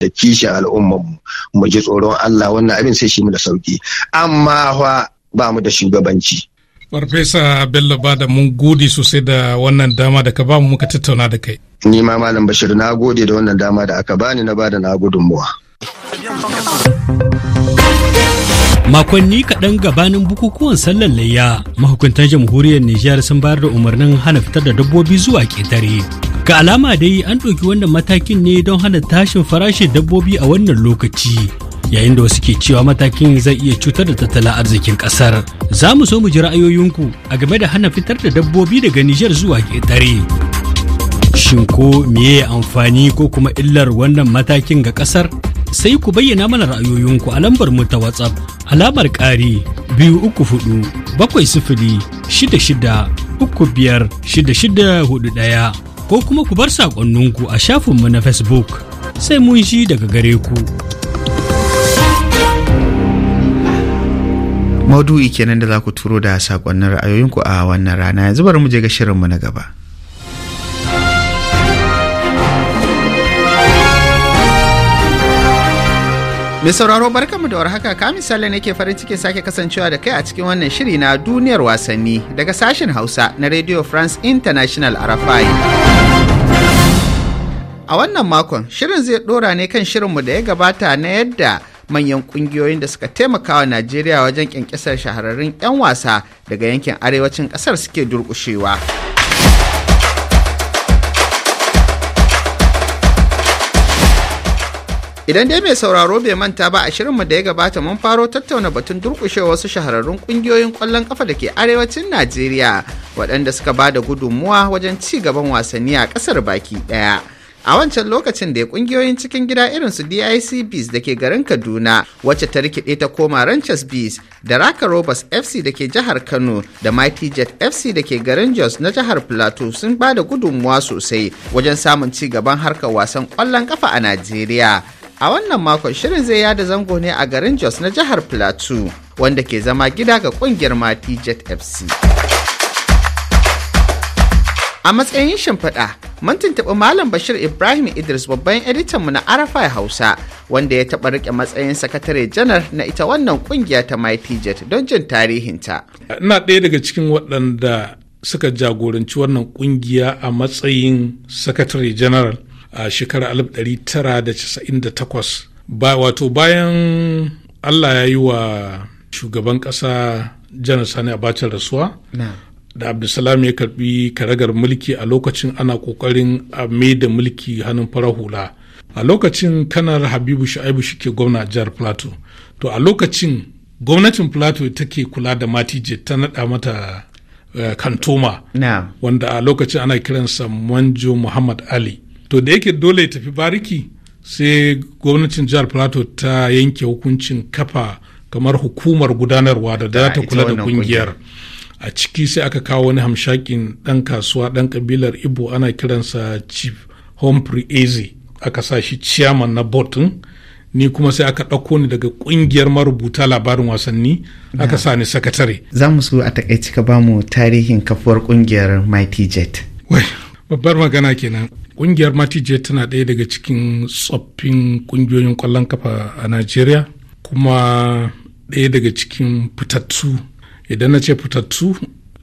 da kishin al'ummar mu mu ji tsoron Allah wannan abin sai shi mu da sauki amma fa ba mu da shugabanci. Farfesa Bello Bada mun gode sosai da wannan dama da ka ba mu muka tattauna da kai. Ni ma Malam Bashir na gode da wannan dama da aka bani na bada na gudunmuwa. Makonni kaɗan gabanin bukukuwan sallar layya mahukuntan jamhuriyar Nijar sun bayar da umarnin hana fitar da dabbobi zuwa ƙetare. Ga alama dai an ɗauki wannan matakin ne don hana tashin farashin dabbobi a wannan lokaci. Yayin da wasu ke cewa matakin zai iya cutar da tattalin arzikin ƙasar. Za mu so mu ji ra'ayoyinku a game da hana fitar da dabbobi daga Nijar zuwa ƙetare. Shin ko meye amfani ko kuma illar wannan matakin ga ƙasar? Sai ku bayyana mana ra'ayoyinku a lambar mu ta WhatsApp alamar ƙari biyu uku hudu bakwai sifili shida shida uku biyar shida shida hudu ɗaya. ko kuma ku bar saƙonninku a shafinmu na Facebook sai mun shi daga gare ku. Maudu'i kenan da za ku turo da saƙonnin ra'ayoyinku a wannan rana yanzu bari mu je ga shirinmu na gaba. Mai sauraro barkanmu da warhaka ka misali ne ke farin cikin sake kasancewa da kai a cikin wannan shiri na duniyar wasanni daga sashen Hausa na Radio France International Arafai. A wannan makon shirin zai dora ne kan shirinmu da ya gabata na yadda manyan kungiyoyin da suka taimaka wa Najeriya wajen kyankyasar shahararrun 'yan wasa daga yankin arewacin ƙasar suke durƙushewa. idan dai mai sauraro bai manta ba a shirinmu da ya gabata mun faro tattauna batun durkushe wasu shahararrun ƙungiyoyin kwallon kafa da ke arewacin najeriya waɗanda suka ba da gudunmuwa wajen ci gaban wasanni a ƙasar baki ɗaya a wancan lokacin da ya ƙungiyoyin cikin gida irin su dic bees da ke garin kaduna wacce ta rikide ta koma ranchers bees da raka robas fc da ke jihar kano da mighty jet fc da ke garin jos na jihar plateau sun ba da gudunmuwa sosai wajen samun ci gaban harkar wasan kwallon kafa a najeriya A wannan makon shirin zai yada zango ne a garin Jos na jihar Plateau wanda ke zama gida ga kungiyar Mati Jet FC. A matsayin shimfiɗa, mun tuntuɓi Malam Bashir Ibrahim Idris babban editanmu na Arafai Hausa wanda ya taɓa riƙe matsayin sakatare janar na ita wannan kungiya ta Mighty Jet don jin tarihinta. Ina ɗaya daga cikin waɗanda suka jagoranci wannan kungiya a matsayin sakatare janar a shekarar 1998 ba wato bayan allah ya yi wa shugaban ƙasa janar sani abacha rasuwa da abdulsalam ya karbi karagar mulki a lokacin ana kokarin a mai mulki hannun farar hula a lokacin kanar habibu shu'aibu shike gwamna jihar plateau to a lokacin gwamnatin plateau take kula da matije ta nada mata eh, kantoma wanda a lokacin ana kiransa manjo muhammad ali to da yake dole ya tafi bariki sai gwamnatin jihar plateau ta yanke hukuncin kafa kamar hukumar gudanarwa da za ta kula da kungiyar a ciki sai aka kawo wani hamshakin ɗan kasuwa ɗan kabilar ibo ana kiransa chief humphrey eze aka sa shi chairman na botin ni kuma sai aka ɗauko ni daga ƙungiyar marubuta labarin wasanni aka sa ni sakatare za mu so a takaici ka mu tarihin kafuwar ƙungiyar mighty jet babbar magana kenan Ƙungiyar Matije tana ɗaya daga cikin tsoffin ƙungiyoyin kwallon kafa a Najeriya kuma ɗaya daga cikin fitattu. Idan na ce fitattu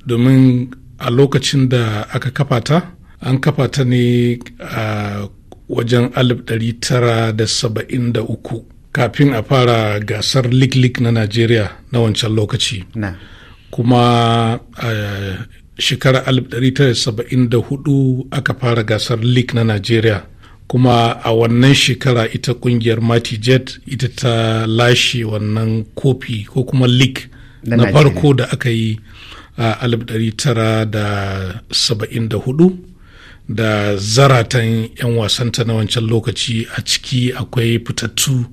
domin a lokacin da aka kafa ta, an kafa ta ne a wajen 1973 kafin a fara gasar liklik na Najeriya na wancan lokaci. Kuma shekara 1974 aka fara gasar league na najeriya kuma a wannan shekara ita kungiyar mati jet ita ta lashe wannan kofi ko kuma league na farko da aka yi a 1974 da zaratan 'yan wasanta na wancan lokaci a ciki akwai fitattu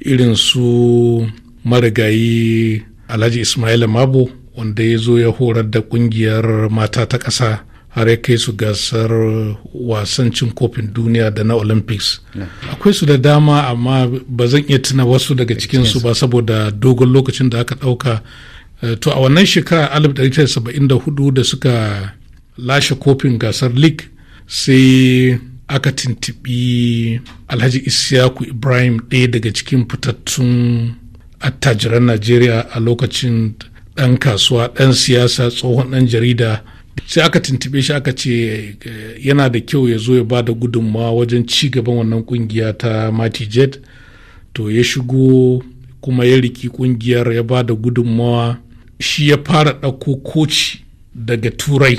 irin su marigayi alhaji Isma'il mabo wanda ya zo ya horar da kungiyar mata ta ƙasa har ya kai su gasar wasan cin kofin duniya da na olympics akwai su da dama amma ba zan iya tuna wasu daga cikinsu ba saboda dogon lokacin da aka ɗauka eh, to a wannan shekara 1974 da suka lashe kofin gasar league sai aka tintibi alhaji Isiaku ibrahim ɗaya daga cikin fitattun attajiran najeriya a lokacin ɗan kasuwa ɗan siyasa tsohon ɗan jarida sai aka tuntube shi aka ce eh, yana da kyau ya zo ya ba da gudunmawa wajen ci gaban wannan kungiya ta mati jet to ya shigo kuma ya riki kungiyar ya ba da gudunmawa shi ya fara ɗauko koci daga turai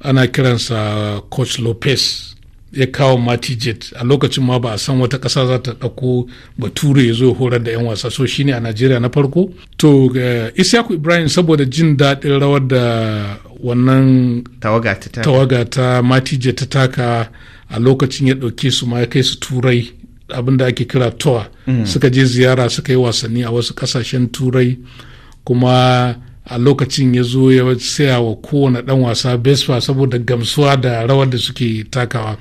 ana kiransa coach lopez ya kawo matijet a lokacin ma ba a san wata ƙasa za ta ɗauko bature ya zo horar da 'yan wasa so shine a najeriya na farko to eh, isyaku ibrahim saboda jin daɗin rawar da wannan tawaga ta matijet ta taka a lokacin ya ɗauke su ma ya kai su turai abin da ake kira tour mm. suka je ziyara suka yi wasanni a wasu ƙasashen turai kuma a lokacin ya zo ya saya wa kowane dan wasa besfa saboda gamsuwa da rawar da suke takawa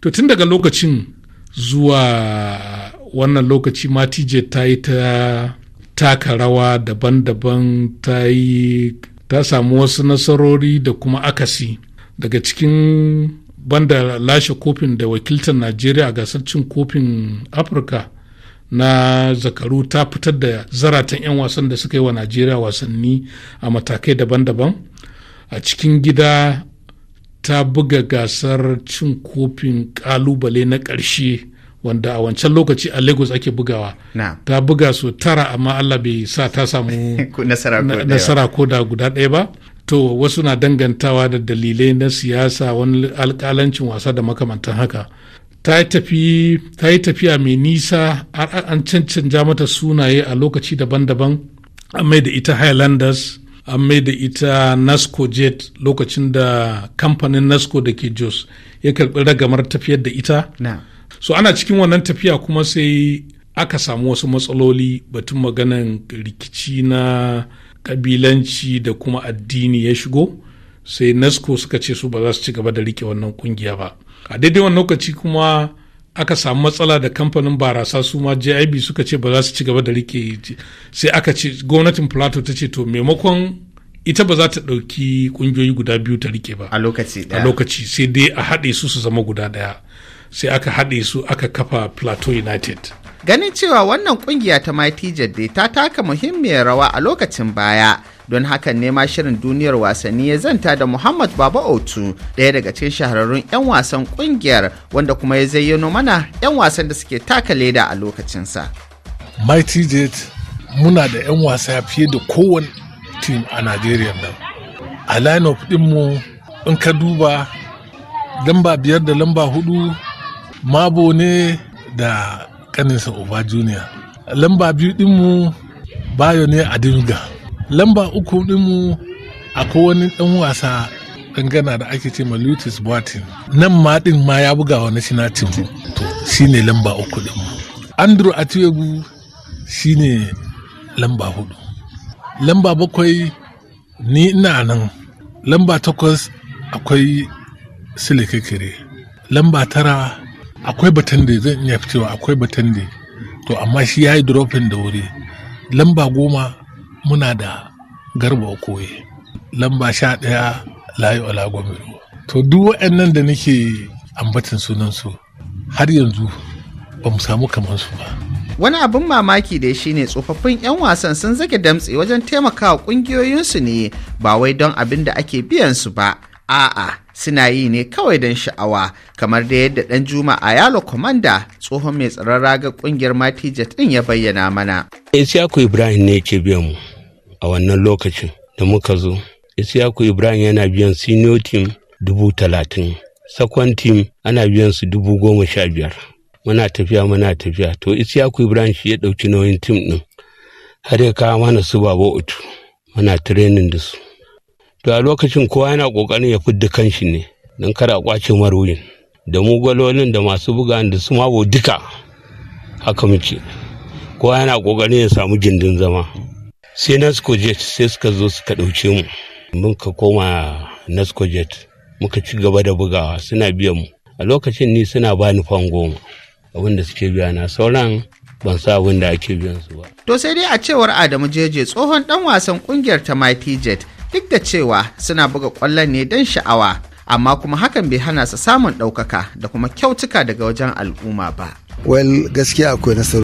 to tun daga lokacin zuwa wannan lokaci matije ta yi ta taka rawa daban-daban ta yi ta samu wasu nasarori da kuma akasi daga cikin banda lashe kofin da wakiltar najeriya a gasar cin kofin afirka na zakaru ta fitar da zaratan 'yan wasan da suka yi wa najeriya wasanni a matakai daban-daban a cikin gida ta buga gasar cin kofin kalubale na ƙarshe wanda a wancan lokaci a lagos ake bugawa ta buga su tara amma allah bai sa ta samu nasara ko da guda ɗaya ba to wasu na dangantawa da dalilai na siyasa wani alkalancin wasa da makamantan haka ta yi tafiya mai nisa an cancanja mata sunaye a lokaci daban-daban an mai da ita highlanders an mai da ita nasco jet lokacin da kamfanin nasco da ke jos ya karbi ragamar tafiyar da ita so ana cikin wannan tafiya kuma sai aka samu wasu matsaloli batun maganan rikici na kabilanci da kuma addini ya shigo sai nasco suka ce su ba za su ci gaba da rike wannan kungiya ba a daidai wani lokaci kuma aka samu matsala da kamfanin barasa su ma jib suka ce ba za su ci gaba da rike sai aka ce gwamnatin plateau ta ce to maimakon ita ba za ta ɗauki ƙungiyoyi guda biyu ta rike ba a lokaci sai dai a haɗe su su zama guda ɗaya sai aka haɗe su aka kafa plateau united ganin cewa wannan ƙungiya ta mighty ta taka muhimmiyar rawa a lokacin baya don hakan ne ma shirin duniyar wasanni ya zanta da muhammad baba otu daya daga cikin shahararrun 'yan wasan ƙungiyar wanda kuma ya zayyano mana 'yan wasan da suke taka leda a lokacinsa mighty jet muna da 'yan wasa fiye da kowane team a najeriya nan a line-up ɗinmu in ka duba lamba biyar da lamba hudu mabo ne da kaninsa oba junior lamba biyu dinmu bayo ne a dinga lamba uku dinmu akwai wani dan wasa dangana da ake ce ma Lutis Boatin nan ma din ma ya buga na national team to ne lamba uku dinmu Andrew Atiwegu shi ne lamba hudu lamba bakwai ni ina nan lamba takwas akwai sile kekere lamba tara akwai batande zan iya fitowa akwai batande to amma shi ya yi dropping da wuri lamba goma muna da garba koye lamba sha ɗaya layi olagomiro to duk waɗannan da nake ambatan sunansu har yanzu ba mu samu kamansu ba wani abin mamaki da shi ne tsofaffin 'yan wasan sun zage damtse wajen taimakawa ƙungiyoyinsu ne ba wai don abin da ake biyan su ba a'a suna yi ne kawai don sha'awa kamar da yadda dan juma a yalo komanda tsohon mai tsaron raga kungiyar matijat din ya bayyana mana. Isiyaku Ibrahim ne ke biyan mu. a wannan lokacin da muka zo isiyaku ibrahim yana biyan senior tim dubu talatin second team ana biyan su dubu goma sha biyar muna tafiya muna tafiya to isiyaku ibrahim shi ya ɗauki nauyin tim ɗin har ya kawo mana su babu utu muna training da su to a lokacin kowa yana ƙoƙarin ya fidda kanshi ne don kada a ƙwace marwuyin da mu da masu buga da su mabo duka haka muke kowa yana ƙoƙarin ya samu gindin zama sai nasco jet sai suka zo suka ɗauke mu mun ka koma nasco jet muka ci gaba da bugawa suna biyan mu a lokacin ni suna ba ni fan goma abin da suke biya na sauran ban sa abin da ake biyan su ba to sai dai a cewar adamu jeje tsohon dan wasan kungiyar ta mighty jet duk da cewa suna buga kwallon ne dan sha'awa amma kuma hakan bai hana su samun ɗaukaka da kuma kyautuka daga wajen al'umma ba well gaskiya akwai nasarori